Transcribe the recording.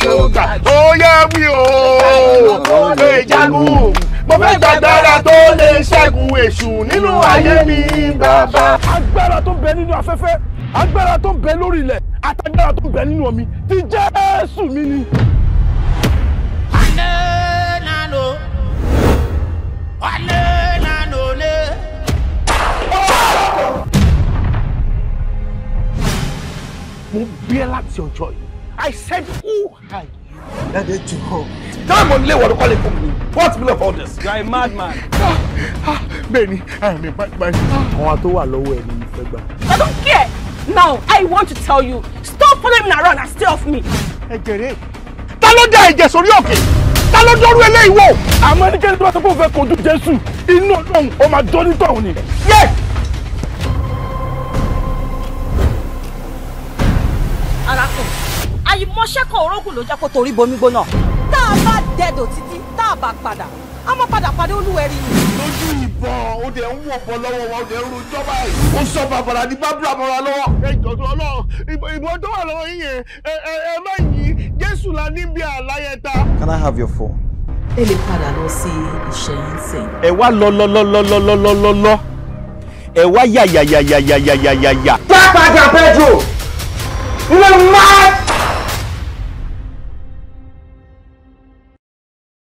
tó gbà ó yẹ wí o lè jagun mo fẹ́ gbàgbára tó lè ṣẹ́gun èṣù nínú ayé mi bàbá. agbára tó bẹ nínú afẹ́fẹ́ agbára tó bẹ lórí ilẹ̀ àtagbára tó bẹ nínú omi ti Jésù mi ni. alẹ́ nánú alẹ́ nánú lé. mo bí ẹ láti ọjọ́ yìí I said, who are you? Daddy Joe. Time on lay what you call it for me. What's the for this? You are a madman. Ah, ah, Benny, I am a madman. Àwọn tó wà lọ́wọ́ ẹ̀ ni I don't care. Now, I want to tell you, stop following me around and stay off me. Ẹ̀jẹ̀ rẹ̀. Ta ló dá ẹ̀jẹ̀ sórí òkè? Ta ló dọ́rú eléyìí wò? Àmọ́ ẹnikẹ́ni tó bá sọ pé òun fẹ́ kojú Jésù, inú Ọlọ́run, ó máa dọ́ nítọ̀hún ni. Yes! Arákùnrin àìmọṣẹ́ kan orógùn ló jẹ́ kó torí bomi gbóná tá a bá dẹ̀dọ̀ títí tá a bá padà a máa padà padà olúwẹ̀rí lójú ìbọn ó dẹ̀ ń wọ̀bọ̀ lọ́wọ́ wa ó dẹ̀ ń rojọ́ báyìí. ó sọ bàbàrà ní bábúrà mọ́ra lọ́wọ́. ẹ jọ̀dún ọlọ́run ìbọn tó wà lọ́wọ́ yín yẹn ẹ má yí jésù la níbi àláyẹta. Can I have your phone? ẹ lè padà lọ sí ìṣẹ̀yìnsìn. ẹ wá lọ lọ lọ lọ lọ lọ lọ lọ lọ ẹ wá yà yà yà yà yà yà yà yà. pápá àjà pẹ́jọ ilé mi